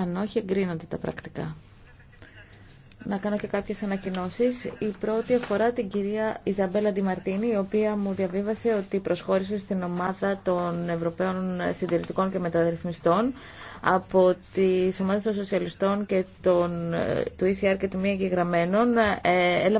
Αν όχι, εγκρίνονται τα πρακτικά. Να κάνω και κάποιες ανακοινώσεις. Η πρώτη αφορά την κυρία Ιζαμπέλα Ντιμαρτίνη, η οποία μου διαβίβασε ότι προσχώρησε στην ομάδα των Ευρωπαίων Συντηρητικών και Μεταρρυθμιστών από τις ομάδες των Σοσιαλιστών και των, ε, του ECR και του Μία Εγγεγραμμένων. Ε,